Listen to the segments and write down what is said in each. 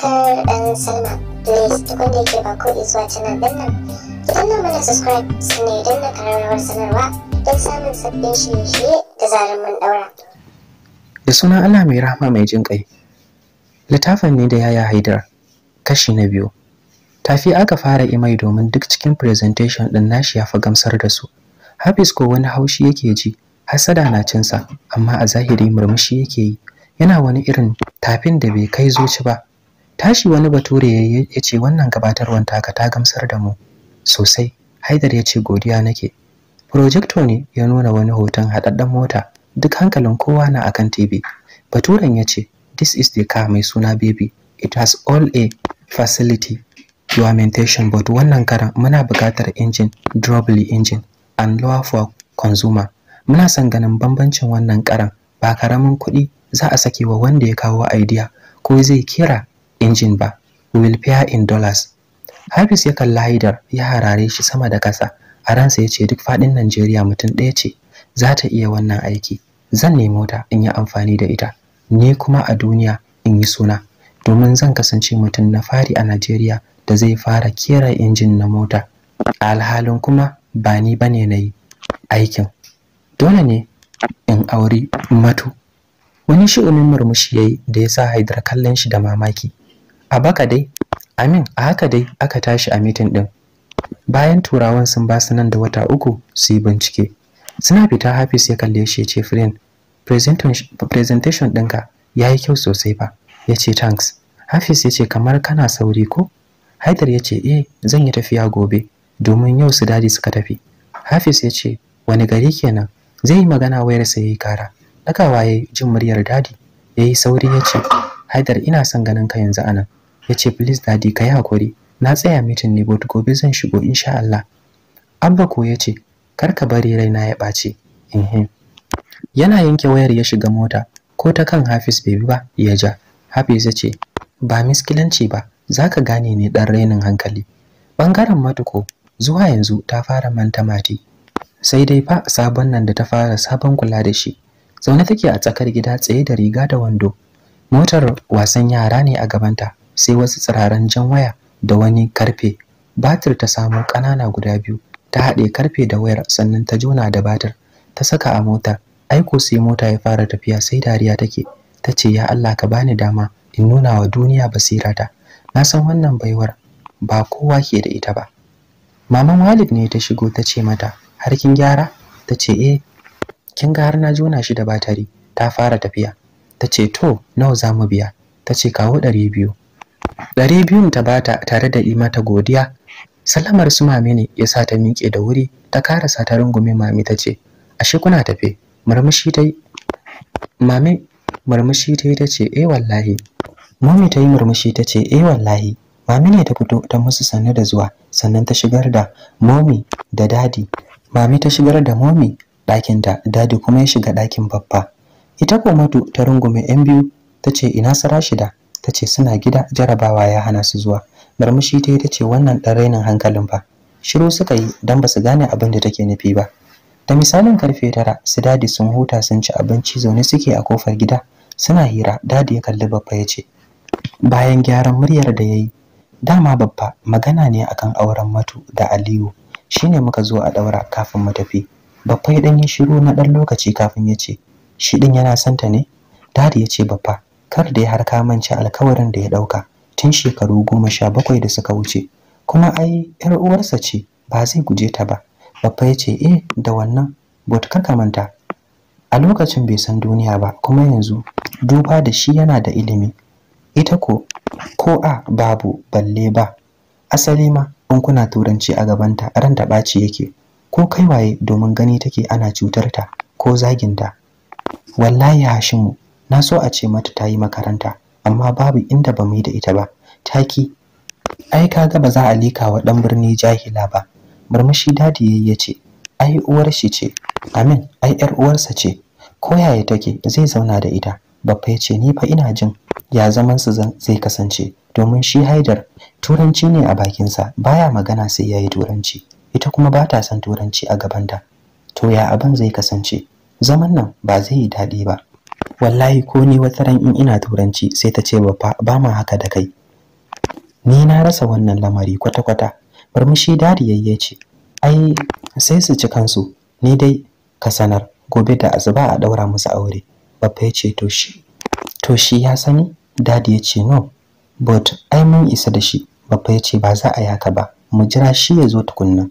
subscribe and sign up. Please tukun da yake ba ko zuwa canal din nan. Ki danna mana subscribe sannan idan na kararrawar sanarwa don samun sabbin shirye-shirye da zarar mun daura. Da sunan Allah mai rahama mai jin kai. Littafin ne da yaya Haidar kashi na biyu. Tafi aka fara imai domin duk cikin presentation din nashi ya fi gamsar da su. Hafiz ko wani haushi yake ji, hasada na cinsa, amma a zahiri murmushi yake yi. Yana wani irin tafin da bai kai zuci ba, tashi wani bature ya ce wannan gabatarwan taka ta gamsar da mu sosai haidar ya ce godiya nake projector ne ya nuna wani hoton haɗaɗɗen mota duk hankalin kowa na akan tv baturen ya ce this is the car mai suna baby it has all a facility documentation but wannan karan muna buƙatar engine drobly engine and lower for consumer muna son ganin bambancin wannan karan ba karamin kuɗi za a sake wa wanda ya kawo idea ko zai kira injin ba we will pay in dollars Hafiz ya kalli Haidar ya harare shi sama da ƙasa a ransa ya ce duk faɗin Najeriya mutum ɗaya ce za ta iya wannan aiki zan nemo ta in yi amfani da ita ni kuma a duniya in yi suna domin zan kasance mutum na fari a Najeriya da zai fara kera injin na mota alhalin kuma ba ni bane na yi aikin dole ne in auri matu wani shi'unin murmushi ya yi da ya sa haidar kallon shi da mamaki a baka dai amin a haka dai aka tashi a mitin din bayan turawan sun ba su nan da wata uku su yi bincike suna fita Hafis ya kalle shi ya ce friend presentation ɗinka ya yi kyau sosai ba ya ce thanks Hafis ya ce kamar kana sauri ko haidar ya ce eh zan yi tafiya gobe domin yau su dadi suka tafi Hafis ya ce wani gari kenan zai yi magana wayarsa ya yi kara ɗagawa ya jin muryar dadi ya yi sauri ya ce haidar ina son ganin ka yanzu anan ya ce please daddy ka yi hakuri na tsaya mitin ne but gobe zan shigo insha Allah abba ko ya ce kar ka bari raina ya ɓaci inhin yana yanke wayar ya shiga mota ko ta kan Hafiz bai bi ba ya ja Hafiz ya ce ba miskilanci ba zaka gane ne dan rainin hankali bangaren matuko zuwa yanzu ta fara manta mati sai dai fa sabon nan da ta fara sabon kula da shi zaune take a tsakar gida tsaye da riga da wando motar wasan yara ne a gabanta sai wasu tsiraran jan waya da wani karfe batir ta samo ƙanana guda biyu ta haɗe karfe da wayar sannan ta jona da batir ta saka a mota aiko sai mota ya fara tafiya sai dariya take ta ce ya Allah ka bani dama in nuna wa duniya basira ta, na san wannan baiwar ba kowa ke da ita ba maman Walid ne ta shigo ta ce mata har kin gyara ta ce eh kin ga har na jona shi da batari ta fara tafiya ta ce to nawa za mu biya ta ce kawo ɗari biyu Dari biyun ta bata tare da yi mata godiya sallamar su mame ne ya sa ta miƙe da wuri ta karasa ta rungume mami ta ce ashe kuna tafe murmushi ta mame murmushi ta yi ta ce eh wallahi mami ta yi murmushi ta ce eh wallahi mami ne ta fito ta musu sannu da zuwa sannan ta shigar da momi da dadi mami ta shigar da momi ɗakinta dadi kuma ya shiga ɗakin babba ita komatu ta rungume yan biyu ta ce ina sarashi da? ta ce suna gida jarabawa ya hana su zuwa murmushi ta yi ta ce wannan ɗan rainin hankalin ba shiru suka yi don ba su gane abin da take nufi ba da misalin karfe tara su dadi sun huta sun ci abinci zaune suke a kofar gida suna hira dadi ya kalli babba ya ce bayan gyaran muryar da ya yi dama babba magana ne akan auren matu da aliyu shine muka zo a ɗaura kafin mu tafi babba ya shiru na ɗan lokaci kafin ya ce shi ɗin yana santa ne dadi ya ce babba kar da ya har ka mance alkawarin da ya dauka tun shekaru goma sha bakwai da suka wuce kuma ai yar uwarsa ce ba zai guje ta ba babba ya ce eh da wannan bot kar ka manta a lokacin bai san duniya ba kuma yanzu duba da shi yana da ilimi ita ko ko a babu balle ba asali ma in kuna turanci a gabanta ran da ɓaci yake ko kai waye domin gani take ana cutar ta ko zaginta wallahi hashimu na so a ce mata ta yi makaranta amma babu inda ba mu yi da ita ba taki ai kaga ba za a lika wa dan birni jahila ba murmushi dadi yayi ya ce ai uwar shi ce amin ai yar uwarsa ce ko yaya take zai zauna da ita babba ya ce ni fa ina jin ya zaman su zai kasance domin shi haidar turanci ne a bakinsa baya magana sai yayi turanci ita kuma ba ta son turanci a gabanta to ya abin zai kasance zaman nan ba zai yi daɗi ba wallahi ko ni wata ran in ina turanci sai ta ce ba ma haka da kai ni na rasa wannan lamari kwata-kwata shi dadi yayye ce ai sai su ci kansu ni dai ka sanar gobe da azuba a daura musu aure babba ya ce to shi to shi ya sani dadi ya ce no but ai mun isa da shi babba ya ce ba za a yaka ba mu jira shi ya zo tukunna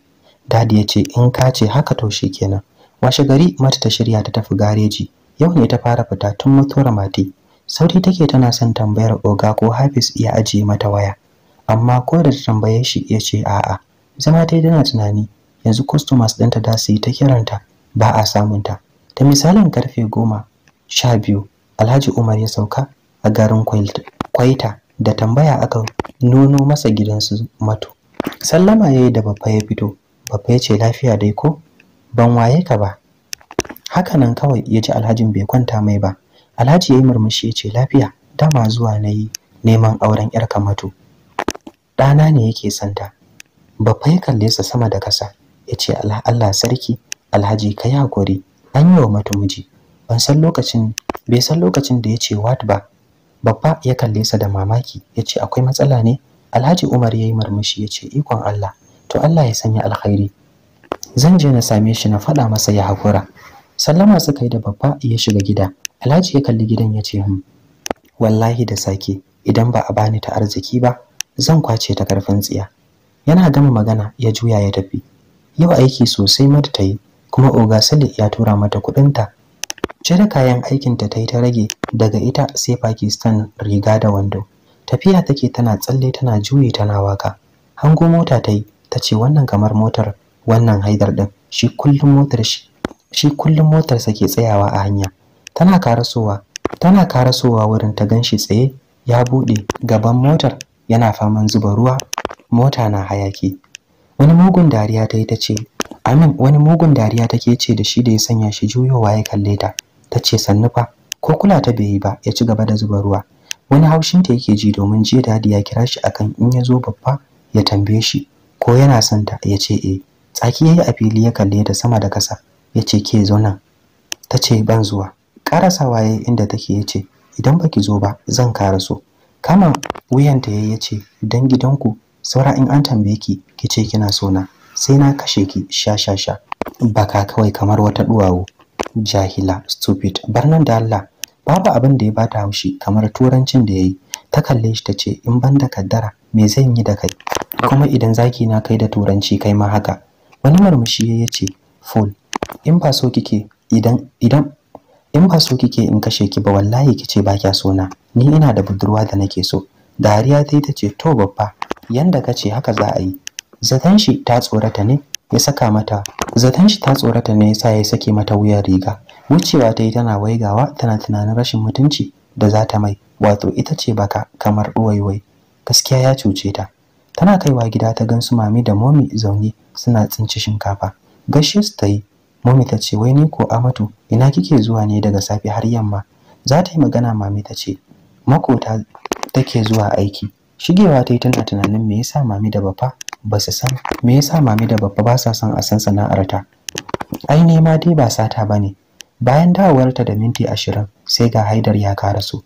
dadi ya ce in ka ce haka to shi kenan washe gari mata ta shirya ta tafi gareji yau ne ta fara fita tun mutuwar mati sauri take tana son tambayar oga ko hafis ya ajiye mata waya amma ko da ta tambaye shi ya ce a'a zama ta tana tunani yanzu customers ɗinta da su yi ta kiranta ba a samunta ta misalin karfe goma sha biyu alhaji umar ya sauka a garin kwaita da tambaya aka nuno masa gidansu mato sallama ya yi da babba ya fito babba ya ce lafiya dai ko ban waye ka ba haka nan kawai ya ji alhajin bai kwanta mai ba alhaji ya yi murmushi ya ce lafiya dama zuwa na yi neman auren yar kamatu ɗana ne yake santa babba ya kalle sa sama da kasa ya ce allah sarki alhaji ka yi hakuri an yi wa matumuji ban san lokacin bai san lokacin da ya ce wat ba babba ya kalle sa da mamaki ya ce akwai matsala ne alhaji umar ya yi murmushi ya ce ikon allah to allah ya sanya alkhairi zan je na same shi na faɗa masa ya haƙura sallama suka yi da babba ya shiga gida alhaji ya kalli gidan ya ce hum wallahi da sake idan ba a bani ta arziki ba zan kwace ta karfin tsiya yana gama magana ya juya ya tafi yau aiki sosai mata ta yi kuma oga Sali ya tura mata kuɗinta cire kayan aikinta ta yi ta rage daga ita sai pakistan riga da wando tafiya take tana tsalle tana juye tana waka hango mota ta yi ta ce wannan kamar motar wannan haidar ɗin shi kullum motar shi shi kullum motarsa ke tsayawa a hanya tana karasowa tana karasowa wurin ta ganshi tsaye ya bude gaban motar yana faman zuba ruwa mota na hayaki wani mugun dariya ta yi ta ce amin wani mugun dariya take ce da shi da ya sanya shi juyowa ya kalle ta ta ce sannufa ko kula ta bai yi ba ya ci gaba da zuba ruwa wani haushin ta yake ji domin jiya dadi ya kira shi akan in ya zo babba ya tambaye shi ko yana son ta ya ce eh tsaki yayi a fili ya kalle ta sama da kasa ya ce ke zo nan ta ce ban zuwa ƙarasa waye inda take ya ce idan ba ki zo ba zan karaso kama wuyanta ya ce dan gidanku saura in an tambaye ki ki ce kina so sai na kashe ki sha sha sha baka kawai kamar wata duwawo jahila stupid bar nan da Allah babu abin da ya bata haushi kamar turancin da yayi ta kalle shi tace in ban da kaddara me zan yi da kai kuma idan zaki na kai da turanci kai ma haka wani marmushi ya ce fool in ba so kike idan idan in ba so kike in kashe ki ba wallahi kice ba kya sona ni ina da budurwa da nake so dariya ta yi ta ce to babba yanda kace haka za a yi zaton shi ta tsorata ne ya saka mata zaton shi ta tsorata ne yasa ya sake mata wuyar riga wucewa ta yi tana waigawa tana tunanin rashin mutunci da za ta mai wato ita ce baka kamar ɗuwaiwai gaskiya ya cuce ta tana kaiwa gida ta gan su mami da momi zaune suna tsinci shinkafa gashi su ta yi Momi ta ce wai ni ko Amatu ina kike zuwa ne daga safi har yamma? Za ta yi magana mami ta ce makota take zuwa aiki. Shigewa ta yi tana tunanin me yasa mami da baba ba su san me yasa mami da baba ba sa son a san sana'ar Ai nema dai ba sata bane. Bayan dawowarta da minti ashirin sai ga Haidar ya su.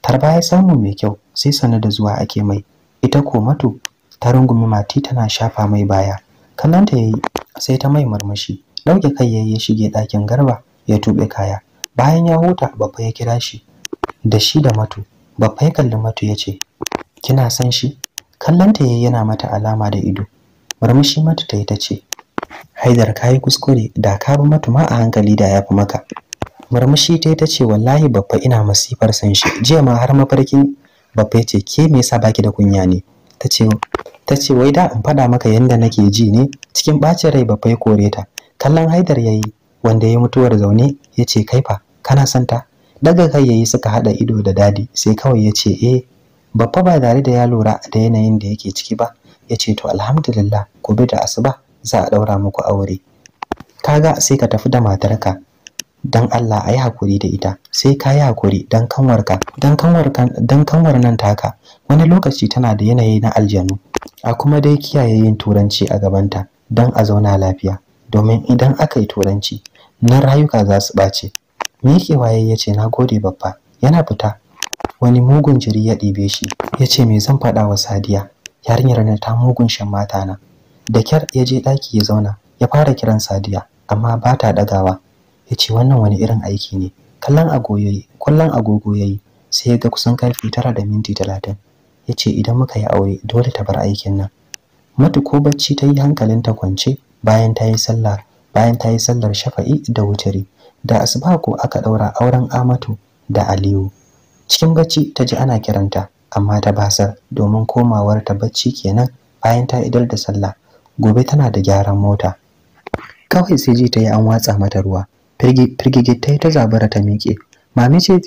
Tarba ya samu mai kyau sai sanar da zuwa ake mai. Ita ko mato ta rungumi mati tana shafa mai baya. Kallanta yayi sai ta mai murmushi. ɗauke kai yayi ya shige ɗakin garba ya tuɓe kaya bayan ya huta babba ya kira shi da shi da matu babba ya kalli matu ya ce kina san shi kallonta yayi yana mata alama da ido murmushi matu ta yi ta ce haidar kayi kuskure da ka bi matu ma a hankali da ya fi maka murmushi ta yi ta ce wallahi babba ina masifar san shi jiya ma har mafarkin babba ya ce ke me yasa baki da kunya ne ta ce wai da in faɗa maka yadda nake ji ne cikin ɓacin rai babba ya kore ta kallon haidar ya yi wanda ya mutuwar zaune ya ce 'Kai kaifa kana santa daga kai yayi suka hada ido da dadi sai kawai ya ce eh babba ba tare da ya lura da yanayin da yake ciki ba ya ce to alhamdulillah gobe da asuba za a daura muku aure kaga sai ka tafi da matarka dan Allah yi hakuri da ita sai ka yi hakuri dan kanwarka dan kanwarka dan kanwar nan taka wani lokaci tana da yanayi na aljanu a kuma dai kiyaye yin turanci a gabanta dan a zauna lafiya domin idan aka yi turanci na rayuka za su ɓace waye ya ce na gode babba yana fita wani mugun jiri ya ɗibe shi ya ce me zan faɗa wa sadiya yarinyar na ta mugun shan mata na da kyar ya je ɗaki ya zauna ya fara kiran sadiya amma ba ta ɗagawa ya ce wannan wani irin aiki ne kallon agogo ya yi sai ya ga kusan karfe tara da minti talatin ya ce idan muka yi aure dole ta bar aikin nan matu ko bacci ta yi hankalin ta kwance bayan ta yi sallar bayan ta yi sallar shafa'i da wuturi da asuba ko aka daura auren Amatu da Aliyu cikin bacci ta ji ana kiranta amma ta basar domin komawar ta bacci kenan bayan ta idar da sallah gobe tana da gyaran mota kawai sai ji ta yi an watsa mata ruwa firgige ta yi ta zabara ta miƙe mami ce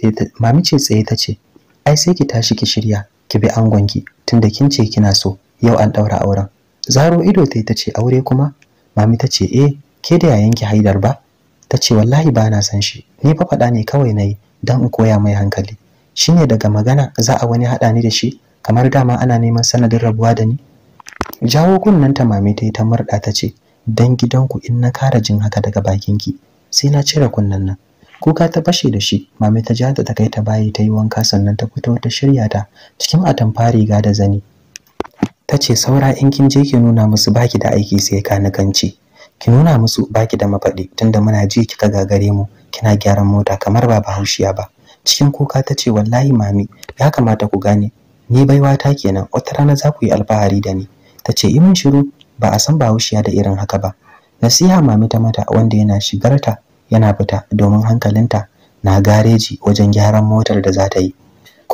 tsaye ta ce ai sai ki tashi ki shirya ki bi angonki tunda kin ce kina so yau an ɗaura auren zaro ido ta yi ta ce aure kuma mami ta ce eh ke da yayanki haidar ba ta ce wallahi ba na san shi ni fa faɗa ne kawai na yi don in koya mai hankali shine daga magana za a wani haɗa ni da shi kamar dama ana neman sanadin rabuwa da ni jawo kunnen ta mami ta yi ta murɗa ta ce dan gidanku in na kara jin haka daga bakinki sai na cire kunnen nan kuka ta fashe da shi mami ta ja ta kai ta bayi ta yi wanka sannan ta fito ta shirya ta cikin atamfa riga da zani ta ce saura in kin je ki nuna musu baki da aiki sai ka na ganci, ki nuna musu baki da mafaɗi tunda muna ji kika gagare mu kina gyaran mota kamar ba bahaushiya ba cikin kuka ta ce wallahi mami ya kamata ku gane ni baiwa ta kenan wata rana za ku yi alfahari da ni ta ce imin shiru ba a san bahaushiya da irin haka ba nasiha mami ta mata wanda yana shigarta yana fita domin hankalinta na gareji wajen gyaran motar da za ta yi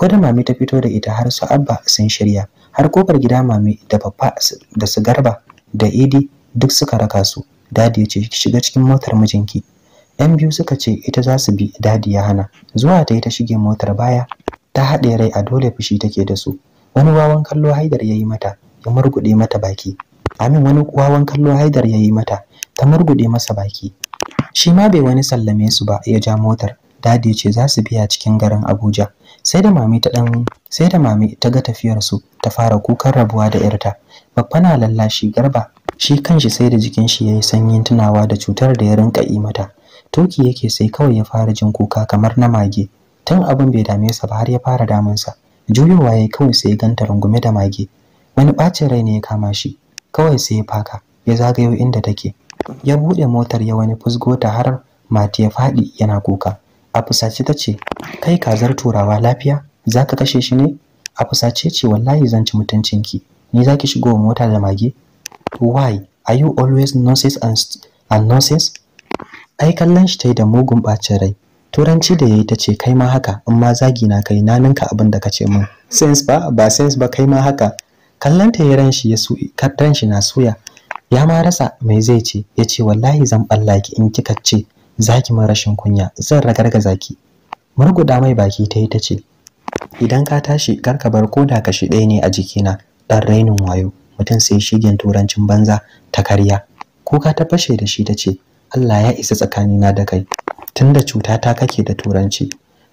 ko da mami ta fito da ita har su abba sun shirya har kofar gida mami da babba da su garba da idi duk suka raka su dadi ya ce shiga cikin motar mijinki yan biyu suka ce ita za su bi dadi ya hana zuwa ta yi ta shige motar baya ta haɗe rai a dole fushi take da su wani wawan kallo haidar ya yi mata ya murguɗe mata baki amin wani wawan kallo haidar ya yi mata ta murguɗe masa baki shi ma bai wani sallame su ba ya ja motar dadi ya ce za su biya cikin garin abuja sai da mami ta dan sai da mami ta ga tafiyar su ta fara kukan rabuwa da yarta babba na lallashi garba shi kanshi sai da jikin shi yayi sanyin tunawa da cutar da ya rinka yi mata toki yake sai kawai ya fara jin kuka kamar na mage tun abin bai dame sa ba har ya fara damun sa juyowa yayi kawai sai ganta rungume da mage wani bacin rai ne ya kama shi kawai sai ya faka ya zagayo inda take ya buɗe motar ya wani fusgo ta har mati ya fadi yana kuka a fusace ta ce kai kazar turawa lafiya za ka kashe shi ne a fusace ce wallahi zan ci ki, ni za ki shigo mota da mage why are you always nonsense and, and nonsense ai kallon shi ta yi da mugun ɓacin rai turanci da ya yi ta ce kai ma haka in ma zagi na kai na ninka abin da ka ce min sense ba ba sense ba kai ma haka kallon ta yi shi ya su shi na suya ya ma rasa mai zai ce ya ce wallahi zan balla ki in kika ce zaki min rashin kunya zan ragargaza zaki. murguda mai baki ta yi ta idan ka tashi kar ka bar koda kashi ɗaya ne a jikina dan rainin wayo mutum sai shigen turancin banza ta karya kuka ta fashe da shi tace Allah ya isa tsakanina da kai tunda cuta ta kake da turanci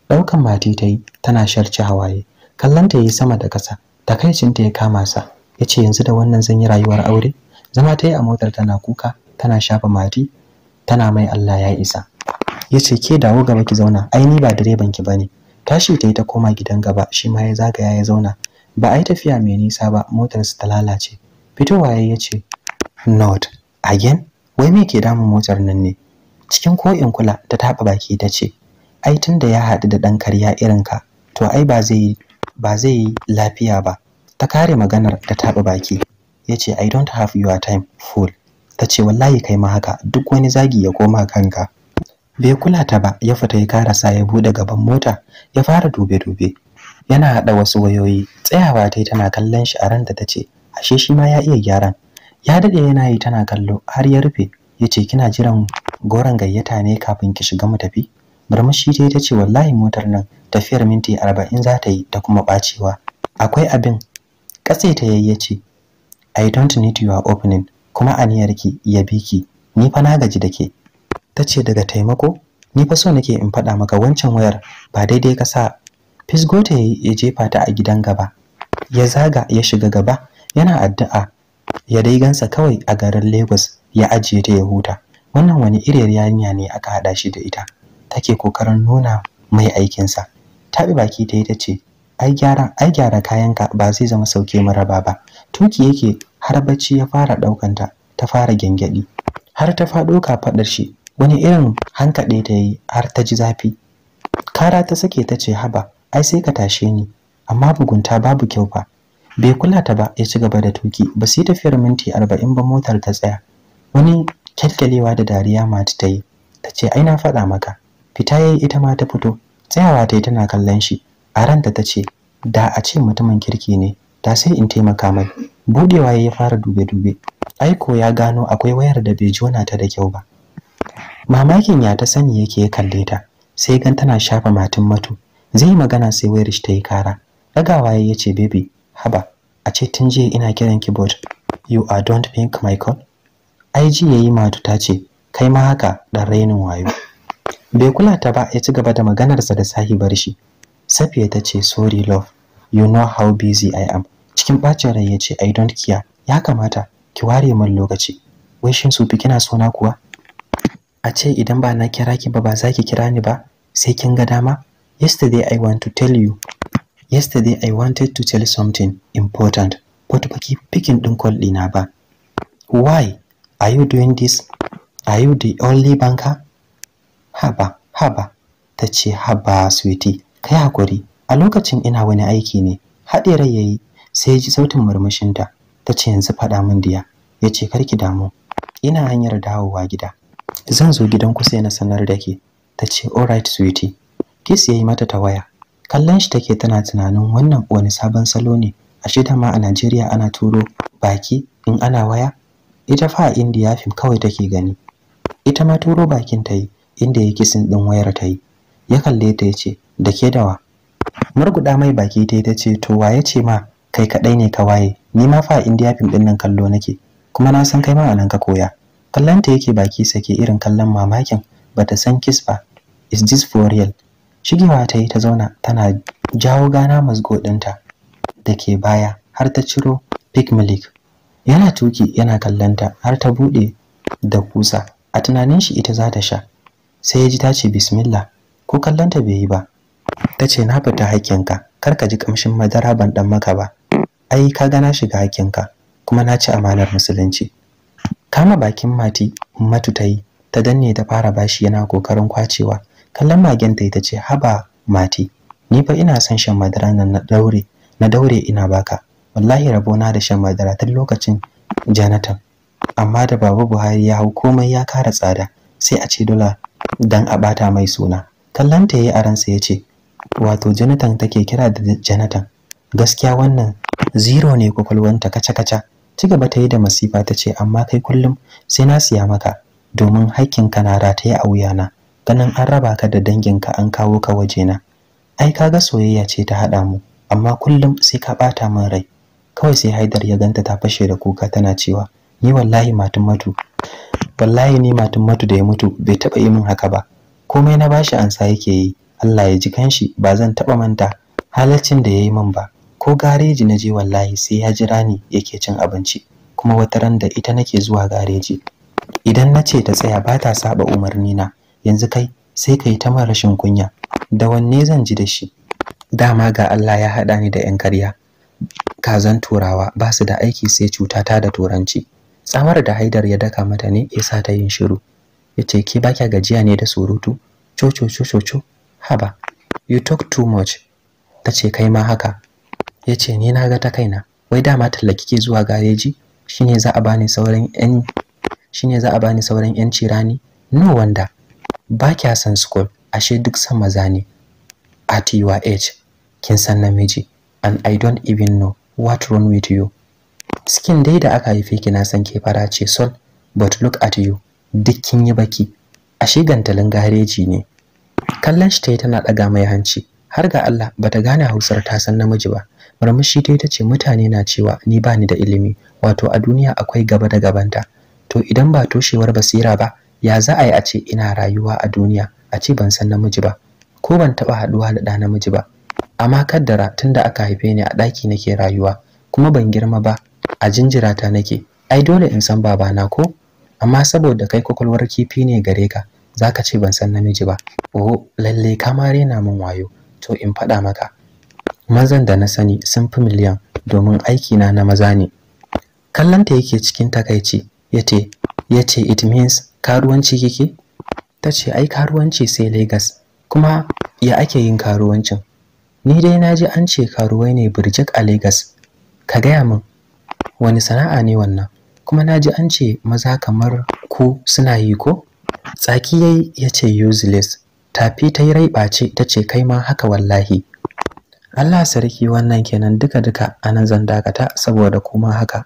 daukan mati tayi tana sharci hawaye kallanta yayi sama da kasa takaicinta ya kama sa yace yanzu da wannan zan yi rayuwar aure zama ta yi a motar tana kuka tana shafa mati tana mai Allah ya isa yace ke dawo gaba ki zauna ai ni ba direban ki bane tashi ta yi ta koma gidan gaba shi ma ya zagaya ya zauna ba ai tafiya mai nisa ba motarsa ta lalace fitowa ya ce not again wai me ke damun motar nan ne cikin ko'in kula ta taɓa baki ta ce ai tun da ya haɗu da ɗan karya irin ka, to ai ba zai yi lafiya ba ta kare maganar ta taɓa baki ya ce i don't have your time fool ta ce wallahi kai ma haka duk wani zagi ya koma kanka bai kula ta ba ya fita ya karasa ya bude gaban mota ya fara dube-dube yana hada wasu wayoyi tsayawa ta tana kallon shi a ranta ta ce ashe shi ma ya iya gyaran ya dade yana yi tana kallo har ya rufe ya ce kina jiran goron gayyata ne kafin ki shiga mu tafi murmushi tai ta ce wallahi motar nan tafiyar minti arba'in za ta yi ta kuma bacewa akwai abin katse ta yayyace i don't need your opening kuma aniyarki ya bi ki ni fa na gaji da ke daga taimako ni fa so nake in faɗa maka wancan wayar ba daidai ka sa fisgote ya jefa ta a gidan gaba ya zaga ya shiga gaba yana addu'a ya dai gansa kawai a garin Lagos ya ajiye ta ya huta wannan wani iri yarinya ne aka hada shi da ita take kokarin nuna mai aikinsa taɓi baki ta yi tace ce ai gyara ai gyara kayanka ba zai zama sauke maraba ba tuki yake har bacci ya fara ɗaukanta ta fara gyangyaɗi har ta faɗo kafaɗar shi wani irin hankaɗe ta yi har ta ji zafi kara ta sake ta ce haba ai sai ka tashe ni amma bugunta babu kyau ba. bai kula ta ba ya ci gaba da tuki ba sai tafiyar minti arba'in ba motar ta tsaya wani kyalkyalewa da dariya mata ta yi ta ce ai na faɗa maka fita yayi ita ma ta fito tsayawa ta yi tana kallon shi a ranta ta ce da a ce mutumin kirki ne da sai in taimaka mai budewa ya fara dube-dube aiko ya gano akwai wayar da bai jona ta da kyau ba mamakin ya ta sani yake ya kalle ta sai gan tana shafa matin matu zai magana sai wayar shi ta yi kara dagawa ya ce baby haba a ce tun jiya ina kiran keyboard you are don't think my call IG yayi matu ta ce kai ma haka dan rainin wayo bai kula ta ba ya ci gaba da maganarsa da sahibar shi safiya ta ce sorry love you know how busy I am. Cikin ɓacin rai ya ce, I don't care. Ya kamata, ki ware min lokaci. Wai shin Sufi kina suna kuwa? A ce idan ba na kira ki ba ba za ki kira ni ba, sai kin ga dama? Yesterday I want to tell you. Yesterday I wanted to tell something important, but ba ki pikin ɗin call ɗina ba. Why? Are you doing this? Are you the only banker? Haba, haba, ta ce haba sweetie, kai hakuri, a lokacin ina wani aiki ne haɗe rai yi, sai ji sautin murmushinta ta ce yanzu faɗa min diya ya ce ki damu ina hanyar dawowa gida zan zo gidan ku sai na sanar da ke ta ce alright sweetie ya yi mata ta waya kallon shi take tana tunanin wannan wani sabon salo ne a shida ma a Najeriya ana turo baki in ana waya ita fa a indiya fim kawai take gani ita ma turo bakin ta yi inda ya kisin ɗin wayar ta yi ya kalle ta ce, da ke dawa murguda mai baki ta ta ce to waye ce ma kai kaɗai ne ka waye ni ma fa indiya fim din nan kallo nake kuma na san kai ma anan ka koya kallanta yake baki sake irin kallon mamakin bata san kiss ba is this for real shigewa ta yi ta zauna tana jawo gana musgo ɗinta da ke baya har ta ciro pig milk yana tuki yana kallanta har ta buɗe da kusa a tunanin shi ita za ta sha sai ya ji ta ce bismillah ko kallanta bai yi ba ta ce na fita ka kar ka ji kamshin madara ban dan maka ba ai ka ga na shiga haƙƙinka kuma na ci amanar musulunci kama bakin mati matu ta ta danne ta fara bashi yana kokarin kwacewa kallon magen ta ita ce haba mati ni fa ina son shan madara nan na daure na daure ina baka wallahi rabo na da shan madara tun lokacin janatan amma da Babu Buhari ya hau komai ya kara tsada sai a ce dola dan a bata mai suna kallon ta yayi aransa ce wato Jonathan take kira da Jonathan gaskiya wannan zero ne kwakwalwanta kaca-kaca ci gaba ta yi da masifa ta ce amma kai kullum sai na siya maka domin ka na rataye a na ganin an raba ka da danginka an kawo ka waje na ai kaga soyayya ce ta haɗa mu amma kullum sai ka bata min rai kawai sai haidar ya ganta ta fashe da kuka tana cewa ni wallahi matun matu wallahi ni matun matu da ya mutu bai taba yi min haka ba komai na bashi ansa yake yi Allah ya ji kanshi ba zan taɓa manta halaccin da ya yi min ba ko gareji na je wallahi sai ya jira ni yake cin abinci kuma wata ran da ita nake zuwa gareji idan na ce ta tsaya ba ta saba umarni na yanzu kai sai kai ta mara rashin kunya da wanne zan ji da shi dama ga Allah ya haɗa ni da 'yan karya kazan turawa ba su da aiki sai cuta ta da turanci tsamar da haidar ya daka mata ne ya sa ta yin shiru ya ce ke ba gajiya ne da surutu -cho -cho. haba you talk too much ta kai ma haka yace ce ni na ga ta kaina wai dama tallaki ke zuwa gareji shine za a bani sauran yan shine za a bani sauran yanci rani no wanda ba kya san school ashe duk san maza ne at your age kin san namiji and i don't even know what wrong with you skin dai da aka haife ki na san ke fara ce sol but look at you duk kin yi baki ashe gantalin gareji ne kallon shi ta yi tana ɗaga mai hanci har ga Allah bata gane Hausar ta san namiji ba murmushi ta tace mutane na cewa ni bani da ilimi wato a duniya akwai gaba da gabanta to idan ba toshewar basira ba ya za a yi a ce ina rayuwa a duniya a ce ban san namiji ba ko ban taba haɗuwa da ɗa namiji ba amma kaddara tunda aka haife ni a ɗaki nake rayuwa kuma ban girma ba a jinjirata nake ai dole in san babana ko amma saboda kai kwakwalwar kifi ne gare ka zaka ce ban san namiji ba oh lalle ka ma rena min wayo to in faɗa maka mazan da na sani sun fi miliyan domin aiki na na maza ne kallanta yake cikin takaici yace yace it means karuwanci kike tace ai karuwanci sai Lagos kuma ya ake yin karuwancin ni dai naji an ce karuwai ne birjik a Lagos ka gaya min wani sana'a ne wannan kuma naji an ce maza kamar ku suna yi ko tsaki yayi yace useless tafi ta yi ce ta ce kai ma haka wallahi Allah sarki wannan kenan duka duka anan zan dakata saboda kuma haka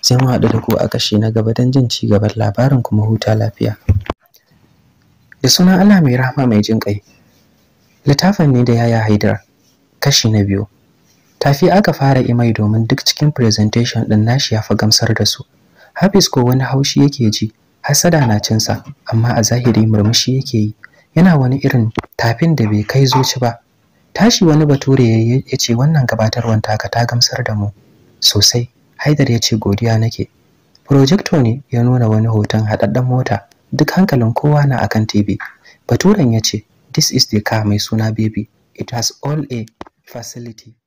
sai mu haɗu da ku a kashi na gaba dan jin ci gaban labarin kuma huta lafiya da sunan Allah mai rahama mai jin kai litafin ne da yaya haidar kashi na biyu tafi aka fara imai domin duk cikin presentation din nashi ya fi gamsar da su Hafiz ko wani haushi yake ji hasada na cinsa amma a zahiri murmushi yake yi yana wani irin tafin da bai kai zuci ba tashi wani bature ya ce wannan gabatarwar taka ta gamsar da mu sosai haidar ya ce godiya nake projector ne ya nuna wani hoton haɗaɗɗen mota duk hankalin kowa na akan tv baturen ya ce this is the car mai suna baby it has all a facility